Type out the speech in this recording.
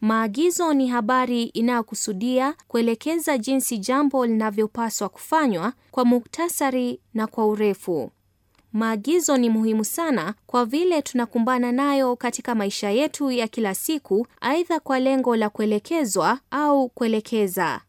Maagizo ni habari inayokusudia kuelekeza jinsi jambo linavyopaswa kufanywa kwa muktasari na kwa urefu. Maagizo ni muhimu sana kwa vile tunakumbana nayo katika maisha yetu ya kila siku, aidha kwa lengo la kuelekezwa au kuelekeza.